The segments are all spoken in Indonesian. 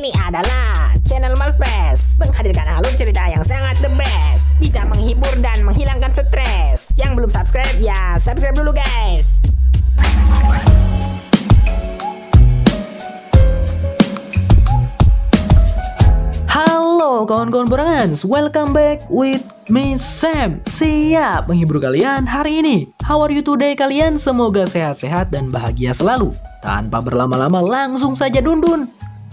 Ini adalah channel Malpres Menghadirkan alur cerita yang sangat the best Bisa menghibur dan menghilangkan stres Yang belum subscribe ya subscribe dulu guys Halo kawan-kawan Borangans, welcome back with me Sam Siap menghibur kalian hari ini How are you today kalian? Semoga sehat-sehat dan bahagia selalu Tanpa berlama-lama langsung saja dundun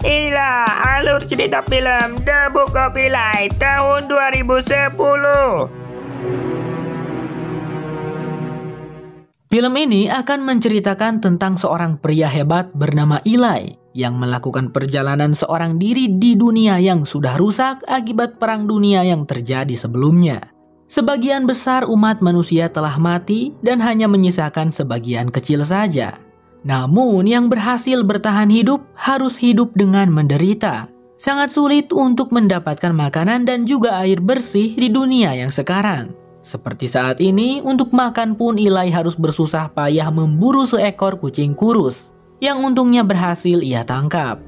Inilah alur cerita film The Book of Eli tahun 2010. Film ini akan menceritakan tentang seorang pria hebat bernama Eli yang melakukan perjalanan seorang diri di dunia yang sudah rusak akibat perang dunia yang terjadi sebelumnya. Sebagian besar umat manusia telah mati dan hanya menyisakan sebagian kecil saja. Namun, yang berhasil bertahan hidup harus hidup dengan menderita. Sangat sulit untuk mendapatkan makanan dan juga air bersih di dunia yang sekarang. Seperti saat ini, untuk makan pun Ilai harus bersusah payah memburu seekor kucing kurus, yang untungnya berhasil ia tangkap.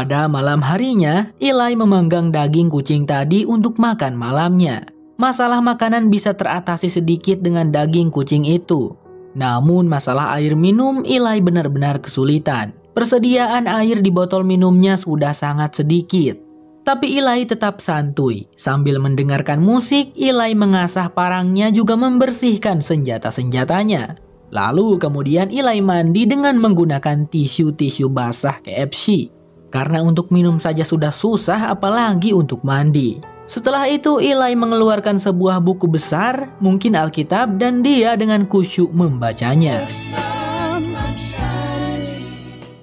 Pada malam harinya, Eli memanggang daging kucing tadi untuk makan malamnya. Masalah makanan bisa teratasi sedikit dengan daging kucing itu. Namun masalah air minum Eli benar-benar kesulitan. Persediaan air di botol minumnya sudah sangat sedikit. Tapi Eli tetap santuy. Sambil mendengarkan musik, Eli mengasah parangnya juga membersihkan senjata-senjatanya. Lalu kemudian Eli mandi dengan menggunakan tisu-tisu basah KFC. Karena untuk minum saja sudah susah apalagi untuk mandi. Setelah itu Eli mengeluarkan sebuah buku besar, mungkin Alkitab dan dia dengan kusyuk membacanya.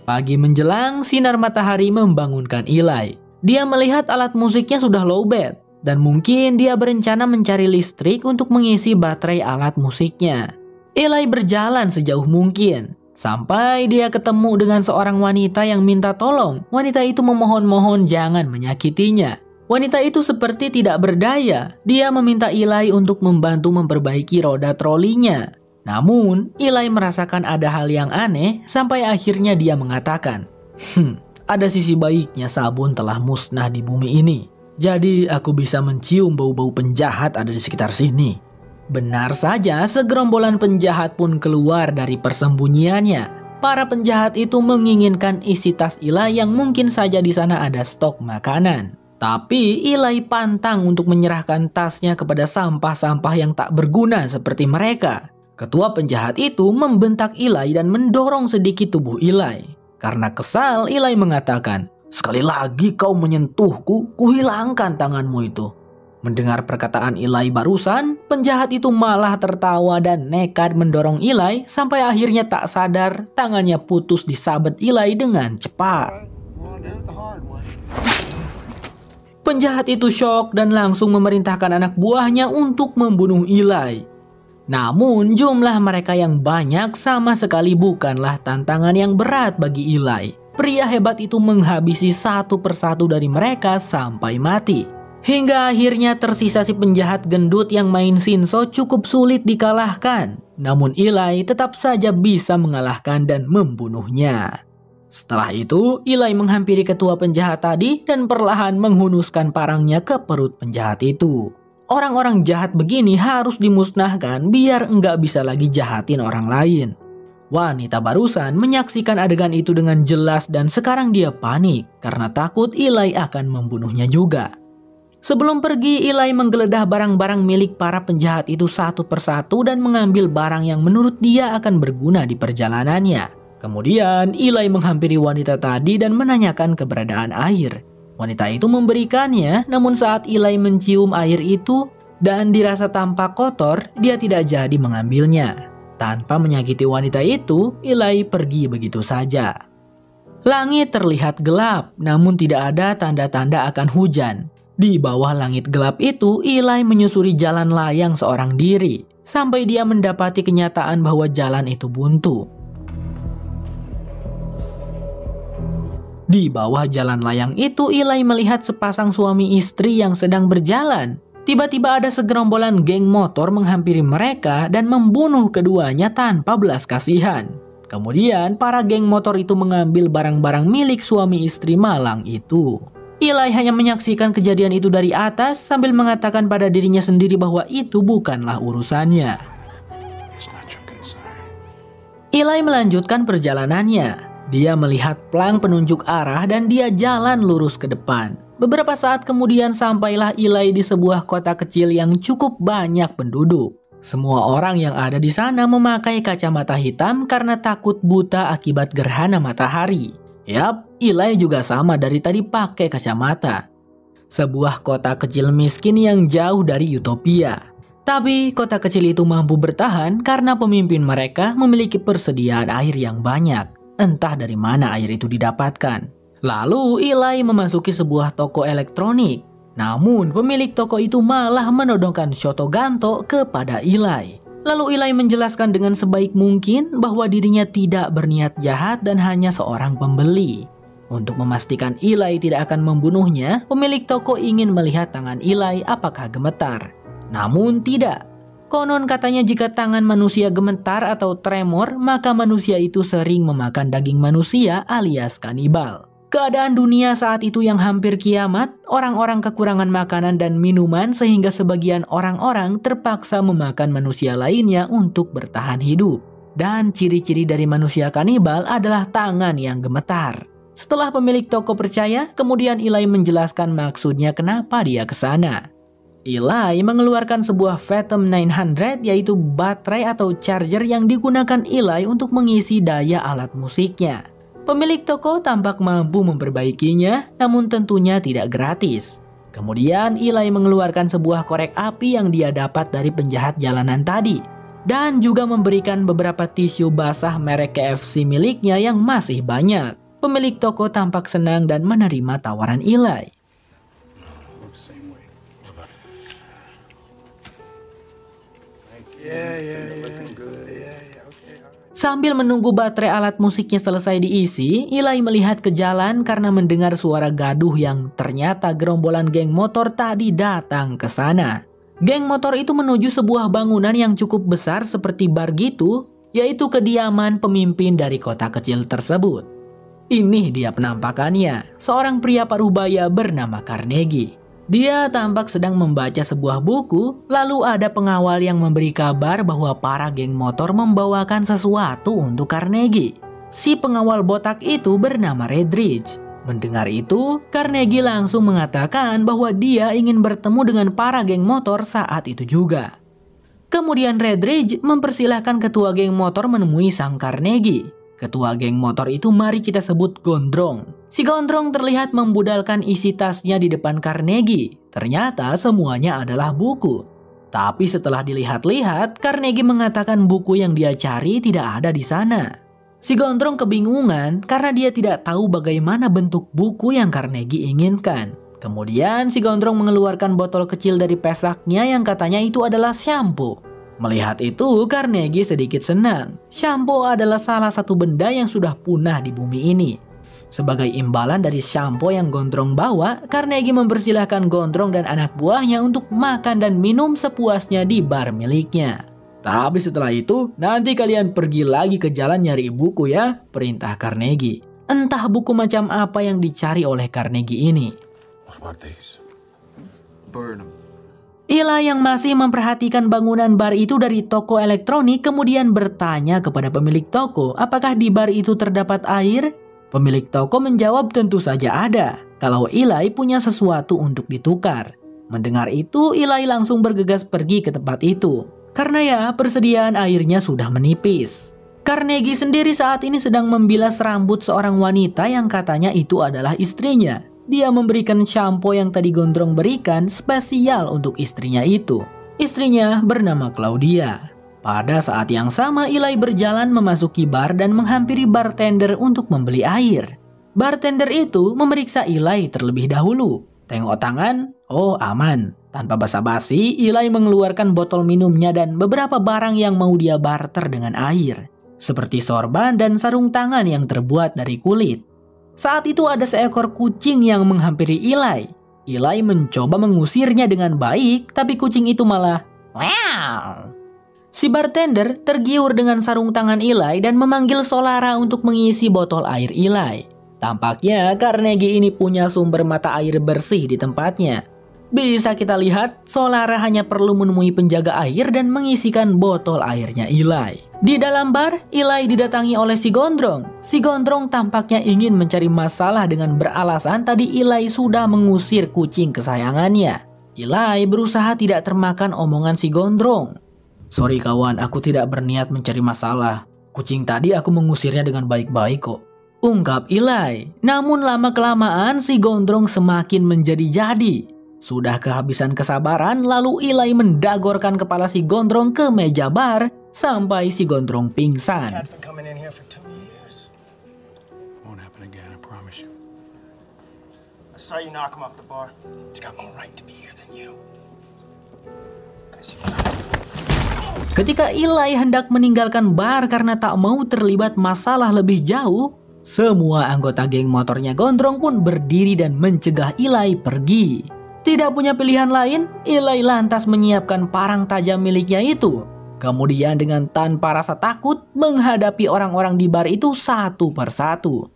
Pagi menjelang, sinar matahari membangunkan Eli. Dia melihat alat musiknya sudah lowbat dan mungkin dia berencana mencari listrik untuk mengisi baterai alat musiknya. Eli berjalan sejauh mungkin. Sampai dia ketemu dengan seorang wanita yang minta tolong. Wanita itu memohon-mohon jangan menyakitinya. Wanita itu seperti tidak berdaya. Dia meminta Ilai untuk membantu memperbaiki roda trolinya. Namun, Ilai merasakan ada hal yang aneh sampai akhirnya dia mengatakan, Hmm, ada sisi baiknya sabun telah musnah di bumi ini. Jadi aku bisa mencium bau-bau penjahat ada di sekitar sini. Benar saja, segerombolan penjahat pun keluar dari persembunyiannya. Para penjahat itu menginginkan isi tas Ilai yang mungkin saja di sana ada stok makanan. Tapi Ilai pantang untuk menyerahkan tasnya kepada sampah-sampah yang tak berguna seperti mereka. Ketua penjahat itu membentak Ilai dan mendorong sedikit tubuh Ilai. Karena kesal, Ilai mengatakan, Sekali lagi kau menyentuhku, kuhilangkan tanganmu itu. Mendengar perkataan Ilai barusan, penjahat itu malah tertawa dan nekat mendorong Ilai sampai akhirnya tak sadar tangannya putus disabet Ilai dengan cepat. Penjahat itu shock dan langsung memerintahkan anak buahnya untuk membunuh Ilai. Namun jumlah mereka yang banyak sama sekali bukanlah tantangan yang berat bagi Ilai. Pria hebat itu menghabisi satu persatu dari mereka sampai mati. Hingga akhirnya tersisa si penjahat gendut yang main Shinso cukup sulit dikalahkan. Namun Ilai tetap saja bisa mengalahkan dan membunuhnya. Setelah itu, Ilai menghampiri ketua penjahat tadi dan perlahan menghunuskan parangnya ke perut penjahat itu. Orang-orang jahat begini harus dimusnahkan biar nggak bisa lagi jahatin orang lain. Wanita barusan menyaksikan adegan itu dengan jelas dan sekarang dia panik karena takut Ilai akan membunuhnya juga. Sebelum pergi, Ilai menggeledah barang-barang milik para penjahat itu satu persatu dan mengambil barang yang menurut dia akan berguna di perjalanannya. Kemudian, Ilai menghampiri wanita tadi dan menanyakan keberadaan air. Wanita itu memberikannya, namun saat Ilai mencium air itu dan dirasa tampak kotor, dia tidak jadi mengambilnya. Tanpa menyakiti wanita itu, Ilai pergi begitu saja. Langit terlihat gelap, namun tidak ada tanda-tanda akan hujan. Di bawah langit gelap itu, Eli menyusuri jalan layang seorang diri, sampai dia mendapati kenyataan bahwa jalan itu buntu. Di bawah jalan layang itu, Eli melihat sepasang suami istri yang sedang berjalan. Tiba-tiba ada segerombolan geng motor menghampiri mereka dan membunuh keduanya tanpa belas kasihan. Kemudian, para geng motor itu mengambil barang-barang milik suami istri malang itu. Eli hanya menyaksikan kejadian itu dari atas sambil mengatakan pada dirinya sendiri bahwa itu bukanlah urusannya. Eli melanjutkan perjalanannya. Dia melihat plang penunjuk arah dan dia jalan lurus ke depan. Beberapa saat kemudian sampailah Eli di sebuah kota kecil yang cukup banyak penduduk. Semua orang yang ada di sana memakai kacamata hitam karena takut buta akibat gerhana matahari. Yap, Ilai juga sama dari tadi pakai kacamata. Sebuah kota kecil miskin yang jauh dari utopia. Tapi kota kecil itu mampu bertahan karena pemimpin mereka memiliki persediaan air yang banyak. Entah dari mana air itu didapatkan. Lalu Ilai memasuki sebuah toko elektronik. Namun pemilik toko itu malah menodongkan Shoto Ganto kepada Ilai. Lalu Ilai menjelaskan dengan sebaik mungkin bahwa dirinya tidak berniat jahat dan hanya seorang pembeli. Untuk memastikan Ilai tidak akan membunuhnya, pemilik toko ingin melihat tangan Ilai apakah gemetar. Namun tidak. Konon katanya jika tangan manusia gemetar atau tremor, maka manusia itu sering memakan daging manusia alias kanibal. Keadaan dunia saat itu yang hampir kiamat, orang-orang kekurangan makanan dan minuman sehingga sebagian orang-orang terpaksa memakan manusia lainnya untuk bertahan hidup. Dan ciri-ciri dari manusia kanibal adalah tangan yang gemetar. Setelah pemilik toko percaya, kemudian Eli menjelaskan maksudnya kenapa dia ke sana. Eli mengeluarkan sebuah Phantom 900 yaitu baterai atau charger yang digunakan Eli untuk mengisi daya alat musiknya. Pemilik toko tampak mampu memperbaikinya, namun tentunya tidak gratis. Kemudian Eli mengeluarkan sebuah korek api yang dia dapat dari penjahat jalanan tadi dan juga memberikan beberapa tisu basah merek KFC miliknya yang masih banyak. Pemilik toko tampak senang dan menerima tawaran Eli. Sambil menunggu baterai alat musiknya selesai diisi, Ilai melihat ke jalan karena mendengar suara gaduh yang ternyata gerombolan geng motor tadi datang ke sana. Geng motor itu menuju sebuah bangunan yang cukup besar seperti bar gitu, yaitu kediaman pemimpin dari kota kecil tersebut. Ini dia penampakannya, seorang pria parubaya bernama Carnegie. Dia tampak sedang membaca sebuah buku, lalu ada pengawal yang memberi kabar bahwa para geng motor membawakan sesuatu untuk Carnegie. Si pengawal botak itu bernama Redridge. Mendengar itu, Carnegie langsung mengatakan bahwa dia ingin bertemu dengan para geng motor saat itu juga. Kemudian Redridge mempersilahkan ketua geng motor menemui sang Carnegie. Ketua geng motor itu mari kita sebut Gondrong. Si Gondrong terlihat membudalkan isi tasnya di depan Carnegie. Ternyata semuanya adalah buku. Tapi setelah dilihat-lihat, Carnegie mengatakan buku yang dia cari tidak ada di sana. Si Gondrong kebingungan karena dia tidak tahu bagaimana bentuk buku yang Carnegie inginkan. Kemudian si Gondrong mengeluarkan botol kecil dari pesaknya yang katanya itu adalah shampoo. Melihat itu, Carnegie sedikit senang. Shampoo adalah salah satu benda yang sudah punah di bumi ini. Sebagai imbalan dari shampoo yang Gondrong bawa, Carnegie mempersilahkan Gondrong dan anak buahnya untuk makan dan minum sepuasnya di bar miliknya. Tapi setelah itu, nanti kalian pergi lagi ke jalan nyari buku ya, perintah Carnegie. Entah buku macam apa yang dicari oleh Carnegie ini. What about these? Burn them. Ila yang masih memperhatikan bangunan bar itu dari toko elektronik kemudian bertanya kepada pemilik toko apakah di bar itu terdapat air? Pemilik toko menjawab tentu saja ada, kalau Ilai punya sesuatu untuk ditukar. Mendengar itu, Ilai langsung bergegas pergi ke tempat itu. Karena ya, persediaan airnya sudah menipis. Carnegie sendiri saat ini sedang membilas rambut seorang wanita yang katanya itu adalah istrinya dia memberikan shampoo yang tadi Gondrong berikan spesial untuk istrinya itu. Istrinya bernama Claudia. Pada saat yang sama, Ilai berjalan memasuki bar dan menghampiri bartender untuk membeli air. Bartender itu memeriksa Ilai terlebih dahulu. Tengok tangan, oh aman. Tanpa basa-basi, Ilai mengeluarkan botol minumnya dan beberapa barang yang mau dia barter dengan air seperti sorban dan sarung tangan yang terbuat dari kulit. Saat itu ada seekor kucing yang menghampiri Ilai. Ilai mencoba mengusirnya dengan baik, tapi kucing itu malah wow. Si bartender tergiur dengan sarung tangan Ilai dan memanggil Solara untuk mengisi botol air Ilai. Tampaknya Carnegie ini punya sumber mata air bersih di tempatnya. Bisa kita lihat, Solara hanya perlu menemui penjaga air dan mengisikan botol airnya Ilai. Di dalam bar, Ilai didatangi oleh si Gondrong. Si Gondrong tampaknya ingin mencari masalah dengan beralasan tadi Ilai sudah mengusir kucing kesayangannya. Ilai berusaha tidak termakan omongan si Gondrong. Sorry kawan, aku tidak berniat mencari masalah. Kucing tadi aku mengusirnya dengan baik-baik kok. Ungkap Ilai. Namun lama-kelamaan si Gondrong semakin menjadi-jadi. Sudah kehabisan kesabaran, lalu Ilai mendagorkan kepala si Gondrong ke meja bar sampai si Gondrong pingsan. Ketika Ilai hendak meninggalkan bar karena tak mau terlibat masalah lebih jauh, semua anggota geng motornya Gondrong pun berdiri dan mencegah Ilai pergi. Tidak punya pilihan lain, Ilai lantas menyiapkan parang tajam miliknya itu. Kemudian dengan tanpa rasa takut menghadapi orang-orang di bar itu satu persatu.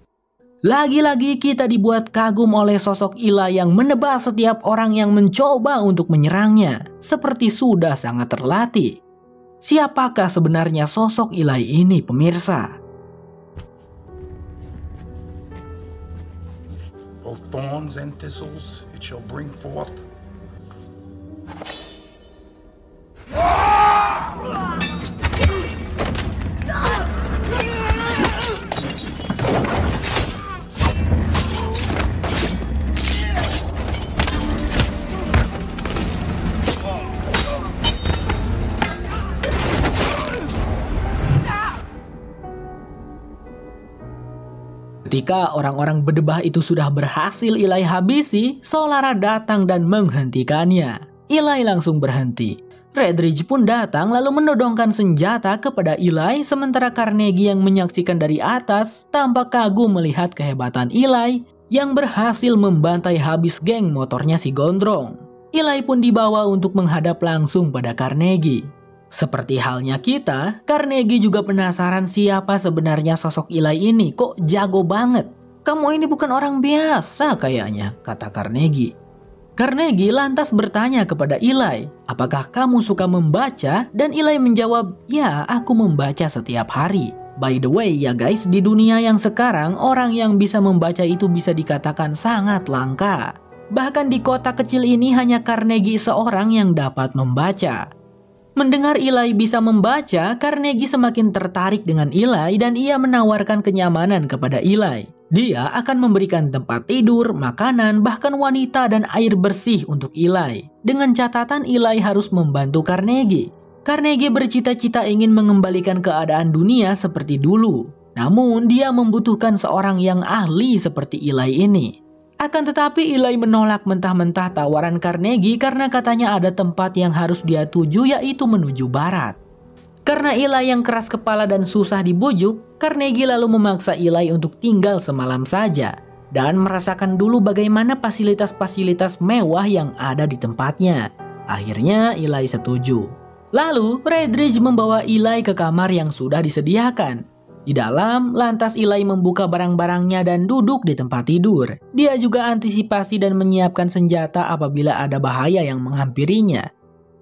Lagi-lagi kita dibuat kagum oleh sosok Ila yang menebas setiap orang yang mencoba untuk menyerangnya, seperti sudah sangat terlatih. Siapakah sebenarnya sosok Ilai ini pemirsa? Oh, she shall bring forth Ah! Ketika orang-orang berdebah itu sudah berhasil Ilai habisi, Solara datang dan menghentikannya. Ilai langsung berhenti. Redridge pun datang lalu menodongkan senjata kepada Ilai sementara Carnegie yang menyaksikan dari atas tampak kagum melihat kehebatan Ilai yang berhasil membantai habis geng motornya si Gondrong. Ilai pun dibawa untuk menghadap langsung pada Carnegie. Seperti halnya kita, Carnegie juga penasaran siapa sebenarnya sosok Eli ini kok jago banget. Kamu ini bukan orang biasa kayaknya, kata Carnegie. Carnegie lantas bertanya kepada Eli, apakah kamu suka membaca? Dan Eli menjawab, ya aku membaca setiap hari. By the way ya guys, di dunia yang sekarang orang yang bisa membaca itu bisa dikatakan sangat langka. Bahkan di kota kecil ini hanya Carnegie seorang yang dapat membaca. Mendengar Ilai bisa membaca, Carnegie semakin tertarik dengan Ilai dan ia menawarkan kenyamanan kepada Ilai. Dia akan memberikan tempat tidur, makanan, bahkan wanita dan air bersih untuk Ilai. Dengan catatan Ilai harus membantu Carnegie. Carnegie bercita-cita ingin mengembalikan keadaan dunia seperti dulu. Namun dia membutuhkan seorang yang ahli seperti Ilai ini. Akan tetapi Eli menolak mentah-mentah tawaran Carnegie karena katanya ada tempat yang harus dia tuju yaitu menuju barat. Karena Eli yang keras kepala dan susah dibujuk, Carnegie lalu memaksa Eli untuk tinggal semalam saja dan merasakan dulu bagaimana fasilitas-fasilitas mewah yang ada di tempatnya. Akhirnya Eli setuju. Lalu Redridge membawa Eli ke kamar yang sudah disediakan di dalam, lantas Ilai membuka barang-barangnya dan duduk di tempat tidur. Dia juga antisipasi dan menyiapkan senjata apabila ada bahaya yang menghampirinya.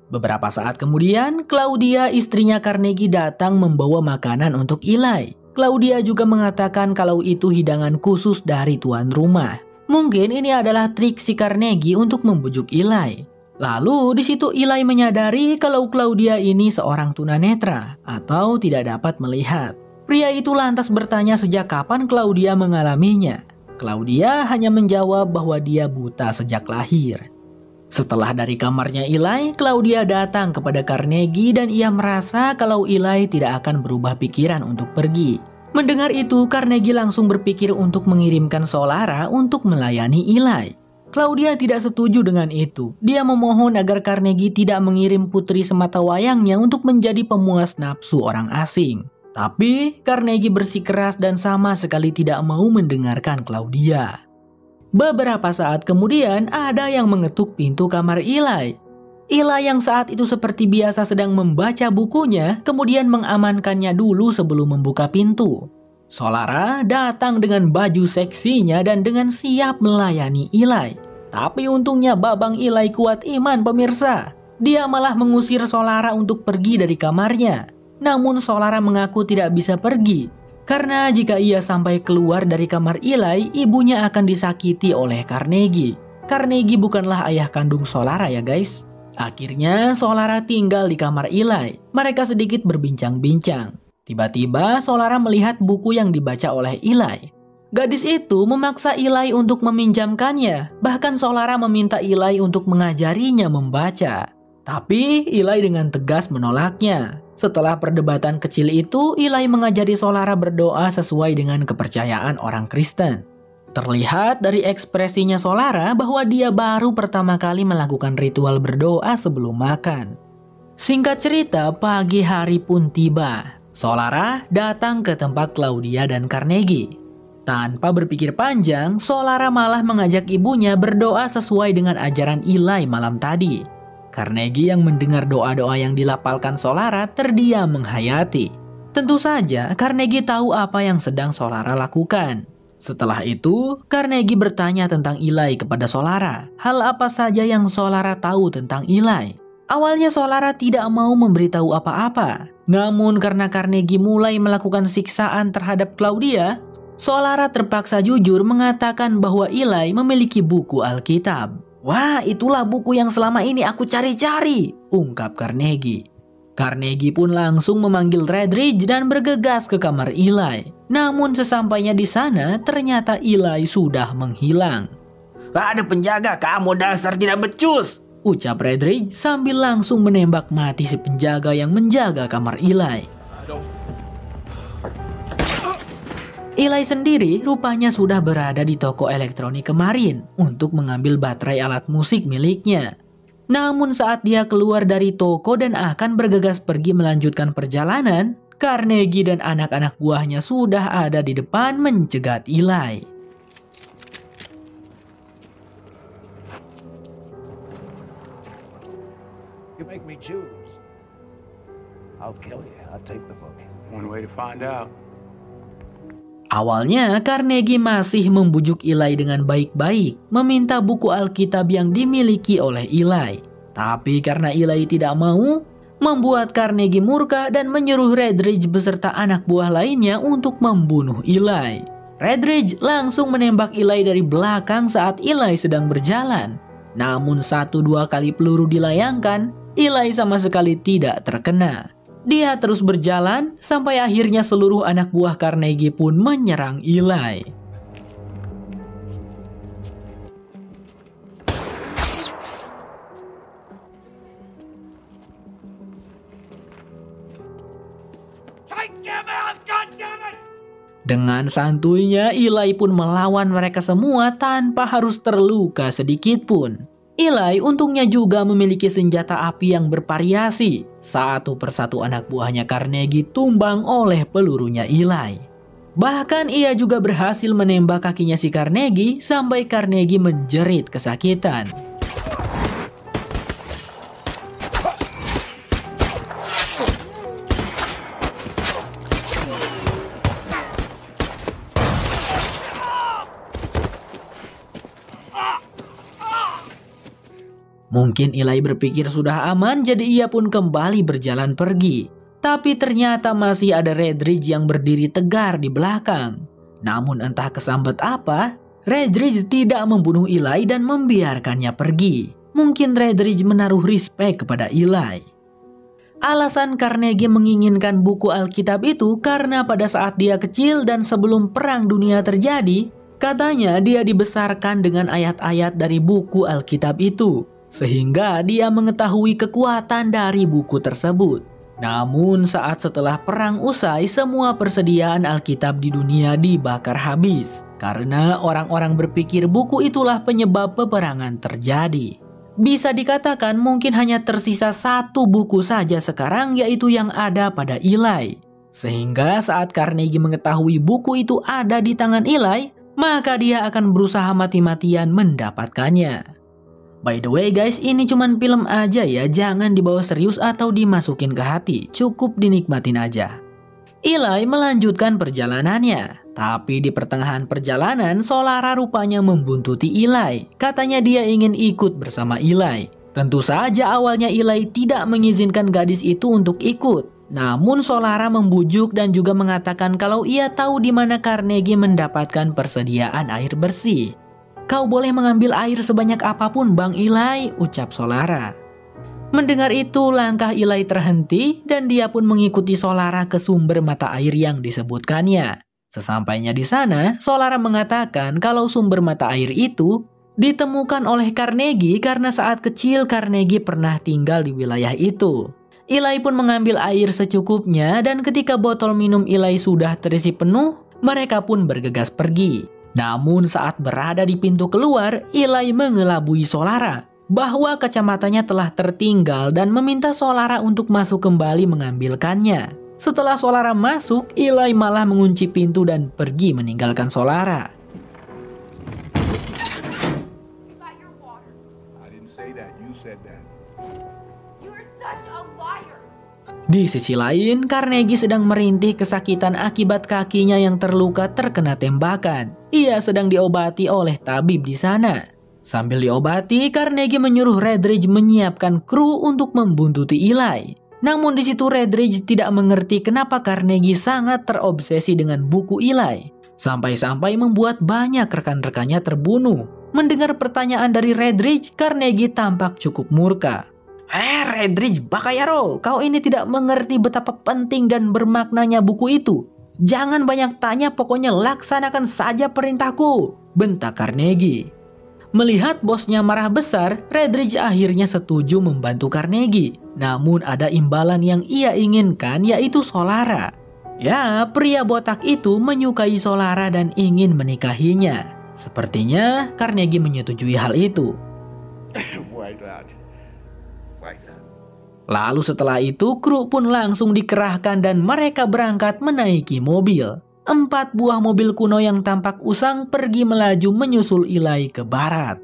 Beberapa saat kemudian, Claudia istrinya Carnegie datang membawa makanan untuk Ilai. Claudia juga mengatakan kalau itu hidangan khusus dari tuan rumah. Mungkin ini adalah trik si Carnegie untuk membujuk Ilai. Lalu di situ Ilai menyadari kalau Claudia ini seorang tunanetra atau tidak dapat melihat. Pria itu lantas bertanya sejak kapan Claudia mengalaminya. Claudia hanya menjawab bahwa dia buta sejak lahir. Setelah dari kamarnya Ilai, Claudia datang kepada Carnegie dan ia merasa kalau Ilai tidak akan berubah pikiran untuk pergi. Mendengar itu, Carnegie langsung berpikir untuk mengirimkan Solara untuk melayani Ilai. Claudia tidak setuju dengan itu. Dia memohon agar Carnegie tidak mengirim putri semata wayangnya untuk menjadi pemuas nafsu orang asing. Tapi Carnegie bersikeras dan sama sekali tidak mau mendengarkan Claudia. Beberapa saat kemudian ada yang mengetuk pintu kamar Ilai. Eli yang saat itu seperti biasa sedang membaca bukunya kemudian mengamankannya dulu sebelum membuka pintu. Solara datang dengan baju seksinya dan dengan siap melayani Ilai. Tapi untungnya Babang Ilai kuat iman pemirsa. Dia malah mengusir Solara untuk pergi dari kamarnya. Namun Solara mengaku tidak bisa pergi karena jika ia sampai keluar dari kamar Ilai, ibunya akan disakiti oleh Carnegie. Carnegie bukanlah ayah kandung Solara ya guys. Akhirnya Solara tinggal di kamar Ilai. Mereka sedikit berbincang-bincang. Tiba-tiba Solara melihat buku yang dibaca oleh Ilai. Gadis itu memaksa Ilai untuk meminjamkannya, bahkan Solara meminta Ilai untuk mengajarinya membaca. Tapi Ilai dengan tegas menolaknya. Setelah perdebatan kecil itu, Ilai mengajari Solara berdoa sesuai dengan kepercayaan orang Kristen. Terlihat dari ekspresinya Solara bahwa dia baru pertama kali melakukan ritual berdoa sebelum makan. Singkat cerita, pagi hari pun tiba. Solara datang ke tempat Claudia dan Carnegie. Tanpa berpikir panjang, Solara malah mengajak ibunya berdoa sesuai dengan ajaran Ilai malam tadi. Carnegie yang mendengar doa-doa yang dilapalkan Solara terdiam menghayati. Tentu saja, Carnegie tahu apa yang sedang Solara lakukan. Setelah itu, Carnegie bertanya tentang Ilai kepada Solara. Hal apa saja yang Solara tahu tentang Ilai? Awalnya Solara tidak mau memberitahu apa-apa. Namun karena Carnegie mulai melakukan siksaan terhadap Claudia, Solara terpaksa jujur mengatakan bahwa Ilai memiliki buku Alkitab. Wah, itulah buku yang selama ini aku cari-cari, ungkap Carnegie. Carnegie pun langsung memanggil Redridge dan bergegas ke kamar Eli. Namun sesampainya di sana, ternyata Eli sudah menghilang. Ada penjaga kamu dasar tidak becus, ucap Redridge sambil langsung menembak mati si penjaga yang menjaga kamar Eli. Eli sendiri rupanya sudah berada di toko elektronik kemarin untuk mengambil baterai alat musik miliknya. Namun saat dia keluar dari toko dan akan bergegas pergi melanjutkan perjalanan, Carnegie dan anak-anak buahnya sudah ada di depan mencegat Eli. You make me choose. I'll kill you. I'll take the book. One way to find out. Awalnya, Carnegie masih membujuk Ilai dengan baik-baik, meminta buku Alkitab yang dimiliki oleh Ilai. Tapi karena Ilai tidak mau, membuat Carnegie murka dan menyuruh Redridge beserta anak buah lainnya untuk membunuh Ilai. Redridge langsung menembak Ilai dari belakang saat Ilai sedang berjalan. Namun satu dua kali peluru dilayangkan, Ilai sama sekali tidak terkena. Dia terus berjalan sampai akhirnya seluruh anak buah Carnegie pun menyerang Eli. Dengan santuinya, Eli pun melawan mereka semua tanpa harus terluka sedikit pun. Ilai untungnya juga memiliki senjata api yang bervariasi. Satu persatu anak buahnya Carnegie tumbang oleh pelurunya Ilai. Bahkan ia juga berhasil menembak kakinya si Carnegie sampai Carnegie menjerit kesakitan. Mungkin Ilai berpikir sudah aman jadi ia pun kembali berjalan pergi. Tapi ternyata masih ada Redridge yang berdiri tegar di belakang. Namun entah kesambet apa, Redridge tidak membunuh Ilai dan membiarkannya pergi. Mungkin Redridge menaruh respect kepada Ilai. Alasan Carnegie menginginkan buku Alkitab itu karena pada saat dia kecil dan sebelum perang dunia terjadi, katanya dia dibesarkan dengan ayat-ayat dari buku Alkitab itu sehingga dia mengetahui kekuatan dari buku tersebut. Namun saat setelah perang usai semua persediaan Alkitab di dunia dibakar habis karena orang-orang berpikir buku itulah penyebab peperangan terjadi. Bisa dikatakan mungkin hanya tersisa satu buku saja sekarang yaitu yang ada pada Ilai. Sehingga saat Carnegie mengetahui buku itu ada di tangan Ilai, maka dia akan berusaha mati-matian mendapatkannya. By the way guys, ini cuman film aja ya, jangan dibawa serius atau dimasukin ke hati, cukup dinikmatin aja. Eli melanjutkan perjalanannya, tapi di pertengahan perjalanan Solara rupanya membuntuti Eli. Katanya dia ingin ikut bersama Eli. Tentu saja awalnya Eli tidak mengizinkan gadis itu untuk ikut. Namun Solara membujuk dan juga mengatakan kalau ia tahu di mana Carnegie mendapatkan persediaan air bersih. Kau boleh mengambil air sebanyak apapun Bang Ilai, ucap Solara. Mendengar itu, langkah Ilai terhenti dan dia pun mengikuti Solara ke sumber mata air yang disebutkannya. Sesampainya di sana, Solara mengatakan kalau sumber mata air itu ditemukan oleh Carnegie karena saat kecil Carnegie pernah tinggal di wilayah itu. Ilai pun mengambil air secukupnya dan ketika botol minum Ilai sudah terisi penuh, mereka pun bergegas pergi. Namun saat berada di pintu keluar, Ilai mengelabui Solara bahwa kacamatanya telah tertinggal dan meminta Solara untuk masuk kembali mengambilkannya. Setelah Solara masuk, Ilai malah mengunci pintu dan pergi meninggalkan Solara. Di sisi lain, Carnegie sedang merintih kesakitan akibat kakinya yang terluka terkena tembakan. Ia sedang diobati oleh tabib di sana. Sambil diobati, Carnegie menyuruh Redridge menyiapkan kru untuk membuntuti Eli. Namun di situ Redridge tidak mengerti kenapa Carnegie sangat terobsesi dengan buku Eli. Sampai-sampai membuat banyak rekan-rekannya terbunuh. Mendengar pertanyaan dari Redridge, Carnegie tampak cukup murka. Eh Redridge Bakayaro, kau ini tidak mengerti betapa penting dan bermaknanya buku itu. Jangan banyak tanya, pokoknya laksanakan saja perintahku, bentak Carnegie. Melihat bosnya marah besar, Redridge akhirnya setuju membantu Carnegie. Namun ada imbalan yang ia inginkan yaitu Solara. Ya, pria botak itu menyukai Solara dan ingin menikahinya. Sepertinya Carnegie menyetujui hal itu. Why not? Lalu setelah itu kru pun langsung dikerahkan dan mereka berangkat menaiki mobil. Empat buah mobil kuno yang tampak usang pergi melaju menyusul Ilai ke barat.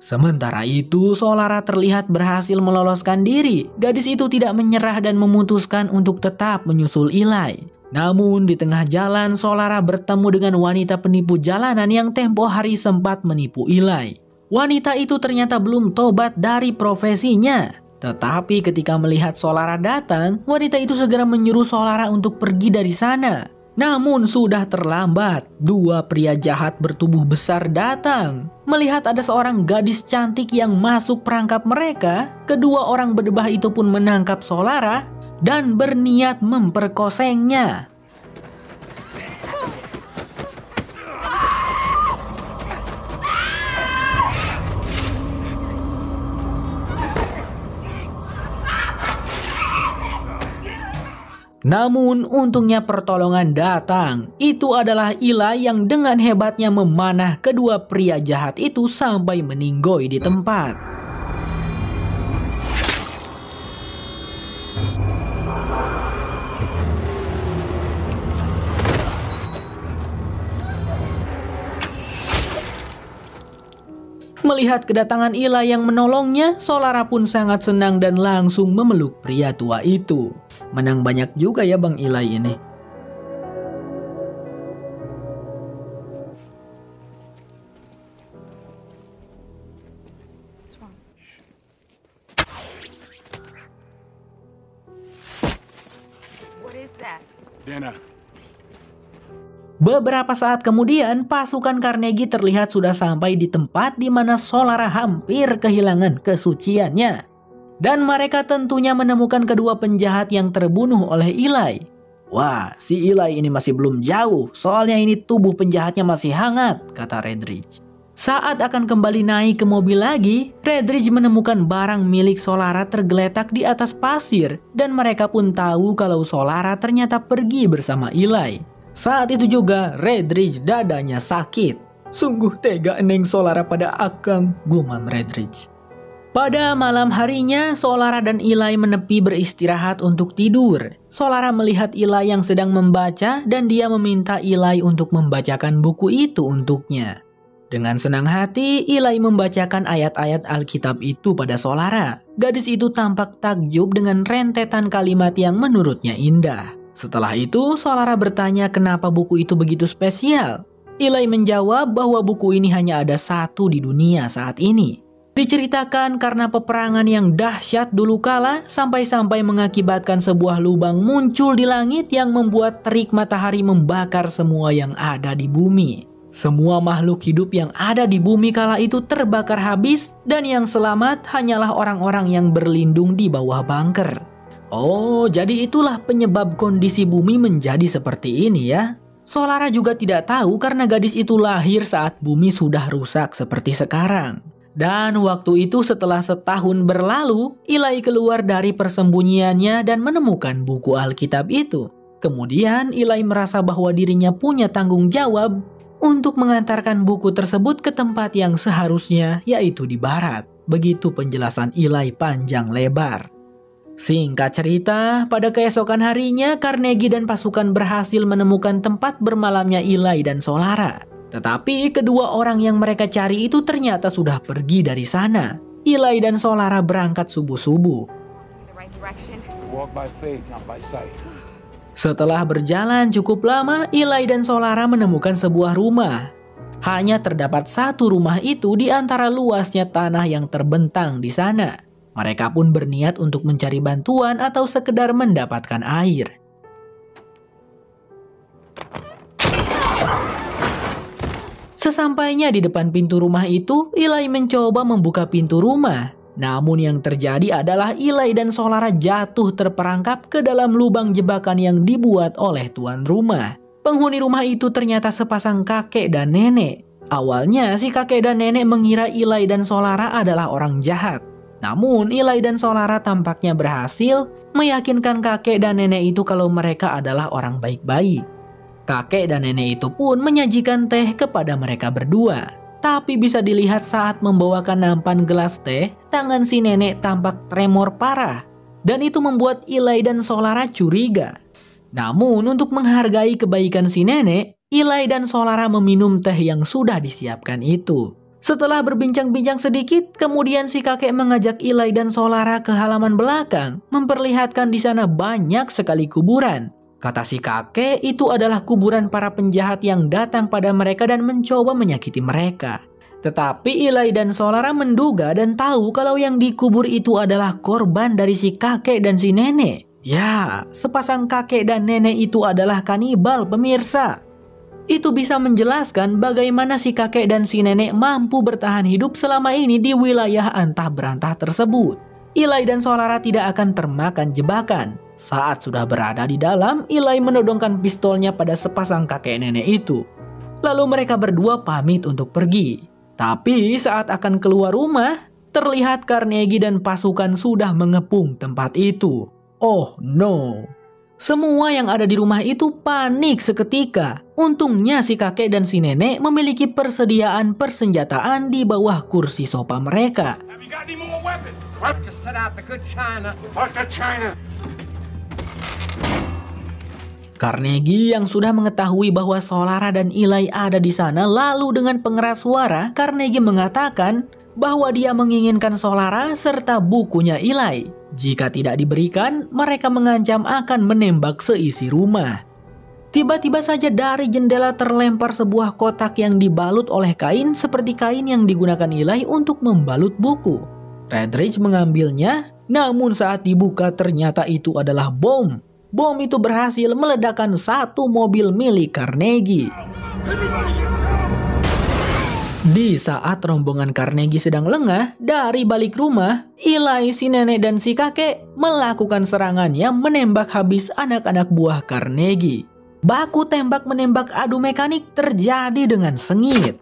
Sementara itu, Solara terlihat berhasil meloloskan diri. Gadis itu tidak menyerah dan memutuskan untuk tetap menyusul Ilai. Namun, di tengah jalan, Solara bertemu dengan wanita penipu jalanan yang tempo hari sempat menipu Ilai. Wanita itu ternyata belum tobat dari profesinya. Tetapi ketika melihat Solara datang, wanita itu segera menyuruh Solara untuk pergi dari sana. Namun sudah terlambat, dua pria jahat bertubuh besar datang. Melihat ada seorang gadis cantik yang masuk perangkap mereka, kedua orang berdebah itu pun menangkap Solara dan berniat memperkosengnya. Namun untungnya pertolongan datang. Itu adalah Ila yang dengan hebatnya memanah kedua pria jahat itu sampai meninggoy di tempat. Melihat kedatangan Ila yang menolongnya, Solara pun sangat senang dan langsung memeluk pria tua itu. Menang banyak juga ya Bang Ilai ini. What Beberapa saat kemudian, pasukan Carnegie terlihat sudah sampai di tempat di mana Solara hampir kehilangan kesuciannya. Dan mereka tentunya menemukan kedua penjahat yang terbunuh oleh Ilai. Wah, si Ilai ini masih belum jauh, soalnya ini tubuh penjahatnya masih hangat, kata Redridge. Saat akan kembali naik ke mobil lagi, Redridge menemukan barang milik Solara tergeletak di atas pasir dan mereka pun tahu kalau Solara ternyata pergi bersama Ilai. Saat itu juga Redridge dadanya sakit. Sungguh tega Neng Solara pada Akang, gumam Redridge. Pada malam harinya, Solara dan Ilai menepi beristirahat untuk tidur. Solara melihat Ilai yang sedang membaca dan dia meminta Ilai untuk membacakan buku itu untuknya. Dengan senang hati, Ilai membacakan ayat-ayat Alkitab itu pada Solara. Gadis itu tampak takjub dengan rentetan kalimat yang menurutnya indah. Setelah itu, Solara bertanya kenapa buku itu begitu spesial. Ilai menjawab bahwa buku ini hanya ada satu di dunia saat ini. Diceritakan karena peperangan yang dahsyat dulu kala sampai-sampai mengakibatkan sebuah lubang muncul di langit yang membuat terik matahari membakar semua yang ada di bumi. Semua makhluk hidup yang ada di bumi kala itu terbakar habis dan yang selamat hanyalah orang-orang yang berlindung di bawah bunker. Oh, jadi itulah penyebab kondisi bumi menjadi seperti ini ya. Solara juga tidak tahu karena gadis itu lahir saat bumi sudah rusak seperti sekarang. Dan waktu itu setelah setahun berlalu, Ilai keluar dari persembunyiannya dan menemukan buku Alkitab itu. Kemudian Ilai merasa bahwa dirinya punya tanggung jawab untuk mengantarkan buku tersebut ke tempat yang seharusnya yaitu di barat. Begitu penjelasan Ilai panjang lebar. Singkat cerita, pada keesokan harinya Carnegie dan pasukan berhasil menemukan tempat bermalamnya Ilai dan Solara. Tetapi kedua orang yang mereka cari itu ternyata sudah pergi dari sana. Ilai dan Solara berangkat subuh-subuh. Setelah berjalan cukup lama, Ilai dan Solara menemukan sebuah rumah. Hanya terdapat satu rumah itu di antara luasnya tanah yang terbentang di sana. Mereka pun berniat untuk mencari bantuan atau sekedar mendapatkan air. Sesampainya di depan pintu rumah itu, Ilai mencoba membuka pintu rumah. Namun yang terjadi adalah Ilai dan Solara jatuh terperangkap ke dalam lubang jebakan yang dibuat oleh tuan rumah. Penghuni rumah itu ternyata sepasang kakek dan nenek. Awalnya si kakek dan nenek mengira Ilai dan Solara adalah orang jahat. Namun, Ilai dan Solara tampaknya berhasil meyakinkan kakek dan nenek itu kalau mereka adalah orang baik-baik. Kakek dan nenek itu pun menyajikan teh kepada mereka berdua. Tapi bisa dilihat saat membawakan nampan gelas teh, tangan si nenek tampak tremor parah. Dan itu membuat Ilai dan Solara curiga. Namun untuk menghargai kebaikan si nenek, Ilai dan Solara meminum teh yang sudah disiapkan itu. Setelah berbincang-bincang sedikit, kemudian si kakek mengajak Ilai dan Solara ke halaman belakang, memperlihatkan di sana banyak sekali kuburan. Kata si kakek, itu adalah kuburan para penjahat yang datang pada mereka dan mencoba menyakiti mereka. Tetapi Ilai dan Solara menduga dan tahu kalau yang dikubur itu adalah korban dari si kakek dan si nenek. Ya, sepasang kakek dan nenek itu adalah kanibal pemirsa itu bisa menjelaskan bagaimana si kakek dan si nenek mampu bertahan hidup selama ini di wilayah antah berantah tersebut. Ilai dan Solara tidak akan termakan jebakan. Saat sudah berada di dalam, Ilai menodongkan pistolnya pada sepasang kakek nenek itu. Lalu mereka berdua pamit untuk pergi. Tapi saat akan keluar rumah, terlihat Carnegie dan pasukan sudah mengepung tempat itu. Oh no! Semua yang ada di rumah itu panik seketika. Untungnya si kakek dan si nenek memiliki persediaan persenjataan di bawah kursi sofa mereka. Carnegie yang sudah mengetahui bahwa Solara dan Ilai ada di sana lalu dengan pengeras suara, Carnegie mengatakan, bahwa dia menginginkan Solara serta bukunya Ilai. Jika tidak diberikan, mereka mengancam akan menembak seisi rumah. Tiba-tiba saja dari jendela terlempar sebuah kotak yang dibalut oleh kain seperti kain yang digunakan Ilai untuk membalut buku. Redridge mengambilnya, namun saat dibuka ternyata itu adalah bom. Bom itu berhasil meledakkan satu mobil milik Carnegie. Di saat rombongan Carnegie sedang lengah, dari balik rumah, Eli, si nenek dan si kakek melakukan serangan yang menembak habis anak-anak buah Carnegie. Baku tembak menembak adu mekanik terjadi dengan sengit.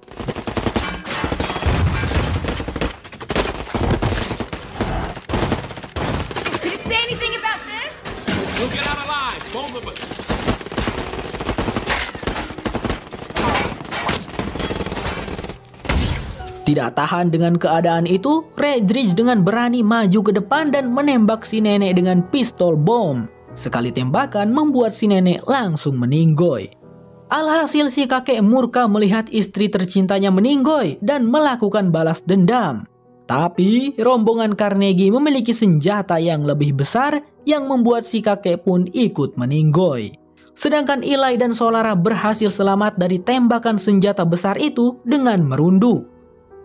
Tidak tahan dengan keadaan itu, Redridge dengan berani maju ke depan dan menembak si nenek dengan pistol bom. Sekali tembakan membuat si nenek langsung meninggoy. Alhasil si kakek murka melihat istri tercintanya meninggoy dan melakukan balas dendam. Tapi rombongan Carnegie memiliki senjata yang lebih besar yang membuat si kakek pun ikut meninggoy. Sedangkan Ilai dan Solara berhasil selamat dari tembakan senjata besar itu dengan merunduk.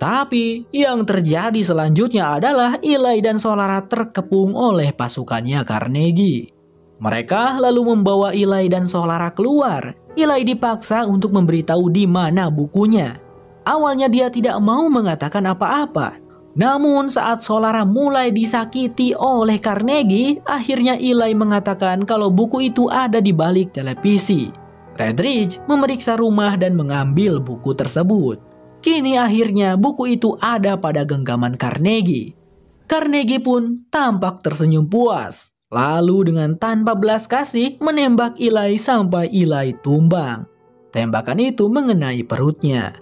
Tapi yang terjadi selanjutnya adalah Ilai dan Solara terkepung oleh pasukannya Carnegie. Mereka lalu membawa Ilai dan Solara keluar. Ilai dipaksa untuk memberitahu di mana bukunya. Awalnya dia tidak mau mengatakan apa-apa, namun saat Solara mulai disakiti oleh Carnegie, akhirnya Ilai mengatakan kalau buku itu ada di balik televisi. Redridge memeriksa rumah dan mengambil buku tersebut. Kini akhirnya buku itu ada pada genggaman Carnegie. Carnegie pun tampak tersenyum puas. Lalu dengan tanpa belas kasih menembak Ilai sampai Ilai tumbang. Tembakan itu mengenai perutnya.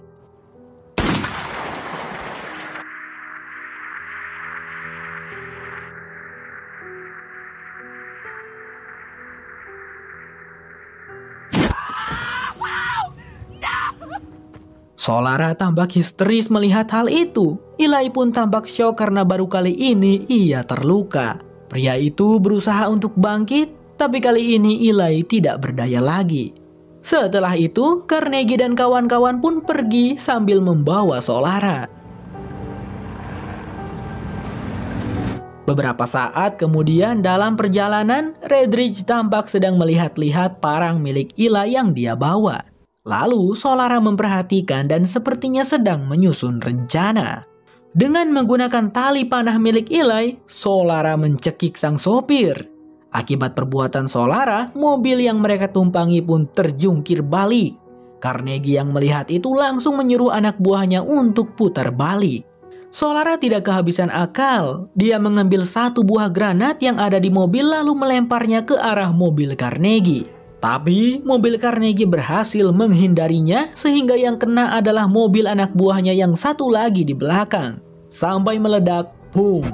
Solara tampak histeris melihat hal itu. Ilai pun tampak syok karena baru kali ini ia terluka. Pria itu berusaha untuk bangkit, tapi kali ini Ilai tidak berdaya lagi. Setelah itu, Carnegie dan kawan-kawan pun pergi sambil membawa Solara. Beberapa saat kemudian dalam perjalanan, Redridge tampak sedang melihat-lihat parang milik Ila yang dia bawa. Lalu Solara memperhatikan dan sepertinya sedang menyusun rencana. Dengan menggunakan tali panah milik Ilai, Solara mencekik sang sopir. Akibat perbuatan Solara, mobil yang mereka tumpangi pun terjungkir balik. Carnegie yang melihat itu langsung menyuruh anak buahnya untuk putar balik. Solara tidak kehabisan akal. Dia mengambil satu buah granat yang ada di mobil lalu melemparnya ke arah mobil Carnegie. Tapi mobil Carnegie berhasil menghindarinya sehingga yang kena adalah mobil anak buahnya yang satu lagi di belakang. Sampai meledak, boom.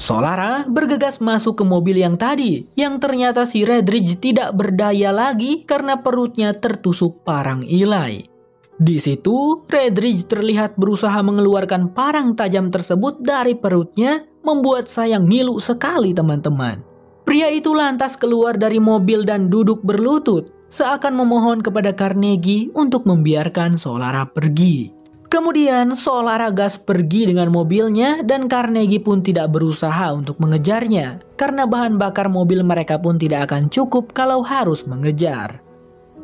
Solara bergegas masuk ke mobil yang tadi, yang ternyata si Redridge tidak berdaya lagi karena perutnya tertusuk parang ilai. Di situ, Redridge terlihat berusaha mengeluarkan parang tajam tersebut dari perutnya, membuat saya ngilu sekali teman-teman. Pria itu lantas keluar dari mobil dan duduk berlutut, seakan memohon kepada Carnegie untuk membiarkan Solara pergi. Kemudian Solara gas pergi dengan mobilnya dan Carnegie pun tidak berusaha untuk mengejarnya karena bahan bakar mobil mereka pun tidak akan cukup kalau harus mengejar.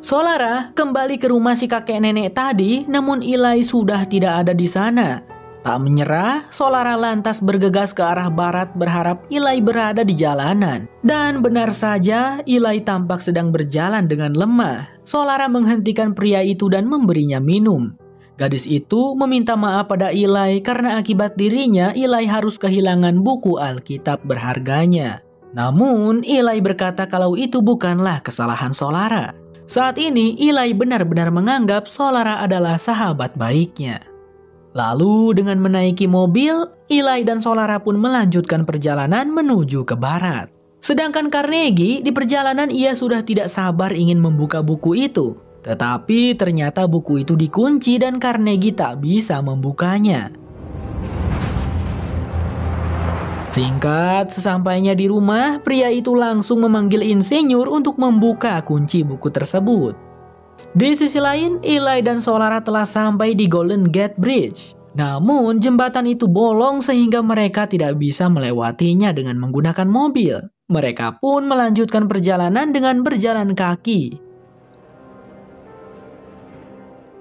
Solara kembali ke rumah si kakek nenek tadi, namun Ilai sudah tidak ada di sana. Tak menyerah, Solara lantas bergegas ke arah barat berharap Ilai berada di jalanan. Dan benar saja, Ilai tampak sedang berjalan dengan lemah. Solara menghentikan pria itu dan memberinya minum. Gadis itu meminta maaf pada Ilai karena akibat dirinya Ilai harus kehilangan buku Alkitab berharganya. Namun, Ilai berkata kalau itu bukanlah kesalahan Solara. Saat ini, Ilai benar-benar menganggap Solara adalah sahabat baiknya. Lalu dengan menaiki mobil, Ilai dan Solara pun melanjutkan perjalanan menuju ke barat. Sedangkan Carnegie, di perjalanan ia sudah tidak sabar ingin membuka buku itu. Tetapi ternyata buku itu dikunci dan Carnegie tak bisa membukanya. Singkat, sesampainya di rumah, pria itu langsung memanggil insinyur untuk membuka kunci buku tersebut. Di sisi lain, Eli dan Solara telah sampai di Golden Gate Bridge. Namun, jembatan itu bolong sehingga mereka tidak bisa melewatinya dengan menggunakan mobil. Mereka pun melanjutkan perjalanan dengan berjalan kaki.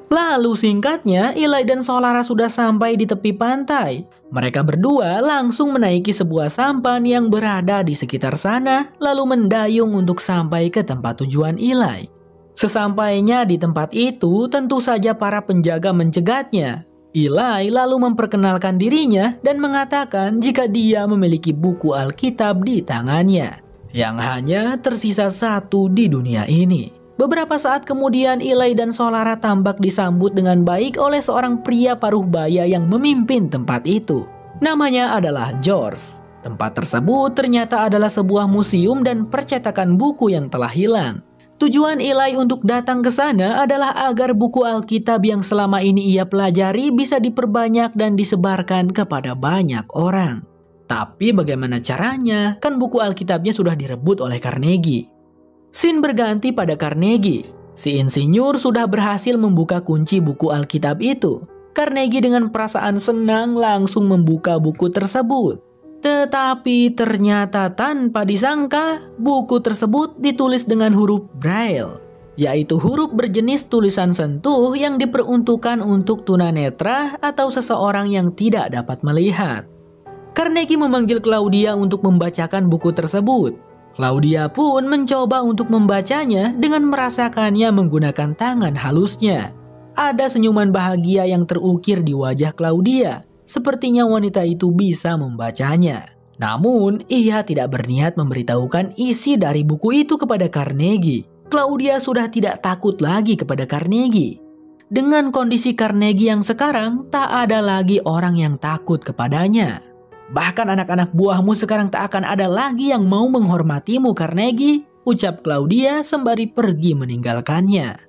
Lalu singkatnya, Eli dan Solara sudah sampai di tepi pantai. Mereka berdua langsung menaiki sebuah sampan yang berada di sekitar sana, lalu mendayung untuk sampai ke tempat tujuan Eli. Sesampainya di tempat itu, tentu saja para penjaga mencegatnya. Eli lalu memperkenalkan dirinya dan mengatakan jika dia memiliki buku Alkitab di tangannya, yang hanya tersisa satu di dunia ini. Beberapa saat kemudian Ilai dan Solara tampak disambut dengan baik oleh seorang pria paruh baya yang memimpin tempat itu. Namanya adalah George. Tempat tersebut ternyata adalah sebuah museum dan percetakan buku yang telah hilang. Tujuan Ilai untuk datang ke sana adalah agar buku Alkitab yang selama ini ia pelajari bisa diperbanyak dan disebarkan kepada banyak orang. Tapi bagaimana caranya? Kan buku Alkitabnya sudah direbut oleh Carnegie. Sin berganti pada Carnegie. Si insinyur sudah berhasil membuka kunci buku Alkitab itu. Carnegie dengan perasaan senang langsung membuka buku tersebut. Tetapi ternyata tanpa disangka, buku tersebut ditulis dengan huruf Braille, yaitu huruf berjenis tulisan sentuh yang diperuntukkan untuk tunanetra atau seseorang yang tidak dapat melihat. Carnegie memanggil Claudia untuk membacakan buku tersebut. Claudia pun mencoba untuk membacanya dengan merasakannya menggunakan tangan halusnya. Ada senyuman bahagia yang terukir di wajah Claudia. Sepertinya wanita itu bisa membacanya. Namun, ia tidak berniat memberitahukan isi dari buku itu kepada Carnegie. Claudia sudah tidak takut lagi kepada Carnegie. Dengan kondisi Carnegie yang sekarang, tak ada lagi orang yang takut kepadanya. Bahkan anak-anak buahmu sekarang tak akan ada lagi yang mau menghormatimu, Carnegie, ucap Claudia sembari pergi meninggalkannya.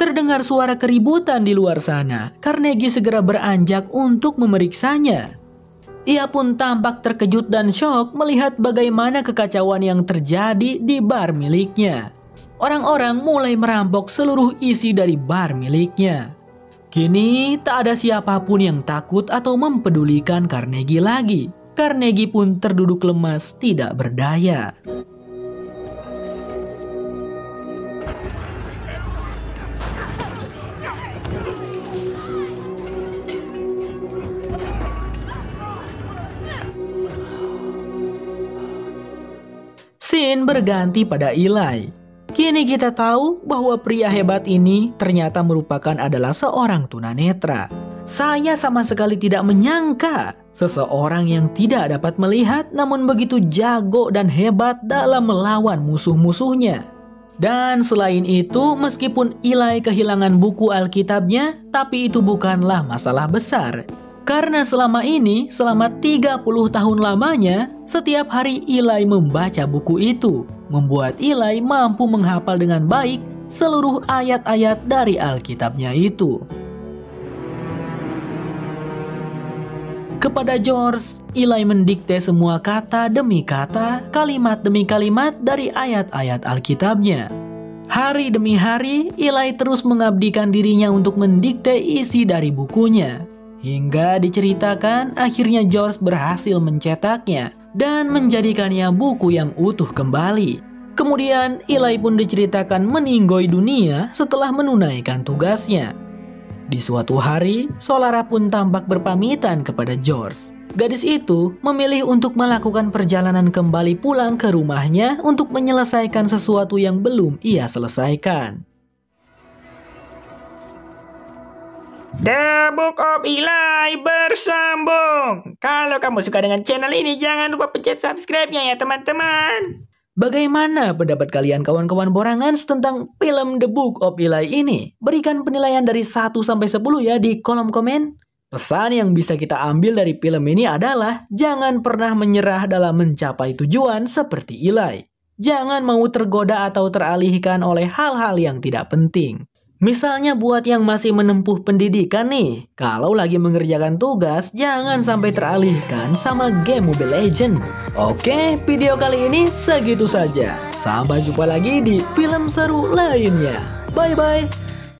Terdengar suara keributan di luar sana, Carnegie segera beranjak untuk memeriksanya. Ia pun tampak terkejut dan shock melihat bagaimana kekacauan yang terjadi di bar miliknya. Orang-orang mulai merampok seluruh isi dari bar miliknya. Kini tak ada siapapun yang takut atau mempedulikan Carnegie lagi. Carnegie pun terduduk lemas tidak berdaya. Scene berganti pada Eli. Kini kita tahu bahwa pria hebat ini ternyata merupakan adalah seorang tunanetra. Saya sama sekali tidak menyangka seseorang yang tidak dapat melihat namun begitu jago dan hebat dalam melawan musuh-musuhnya. Dan selain itu, meskipun Ilai kehilangan buku Alkitabnya, tapi itu bukanlah masalah besar. Karena selama ini, selama 30 tahun lamanya, setiap hari Ilai membaca buku itu, membuat Ilai mampu menghafal dengan baik seluruh ayat-ayat dari Alkitabnya itu. Kepada George, Ilai mendikte semua kata demi kata, kalimat demi kalimat dari ayat-ayat Alkitabnya. Hari demi hari, Ilai terus mengabdikan dirinya untuk mendikte isi dari bukunya. Hingga diceritakan akhirnya George berhasil mencetaknya dan menjadikannya buku yang utuh kembali. Kemudian Eli pun diceritakan meninggoy dunia setelah menunaikan tugasnya. Di suatu hari, Solara pun tampak berpamitan kepada George. Gadis itu memilih untuk melakukan perjalanan kembali pulang ke rumahnya untuk menyelesaikan sesuatu yang belum ia selesaikan. The Book of Eli bersambung. Kalau kamu suka dengan channel ini, jangan lupa pencet subscribe-nya ya teman-teman. Bagaimana pendapat kalian kawan-kawan borangan tentang film The Book of Eli ini? Berikan penilaian dari 1 sampai 10 ya di kolom komen. Pesan yang bisa kita ambil dari film ini adalah jangan pernah menyerah dalam mencapai tujuan seperti Eli. Jangan mau tergoda atau teralihkan oleh hal-hal yang tidak penting. Misalnya buat yang masih menempuh pendidikan nih, kalau lagi mengerjakan tugas jangan sampai teralihkan sama game Mobile Legend. Oke, video kali ini segitu saja. Sampai jumpa lagi di film seru lainnya. Bye bye.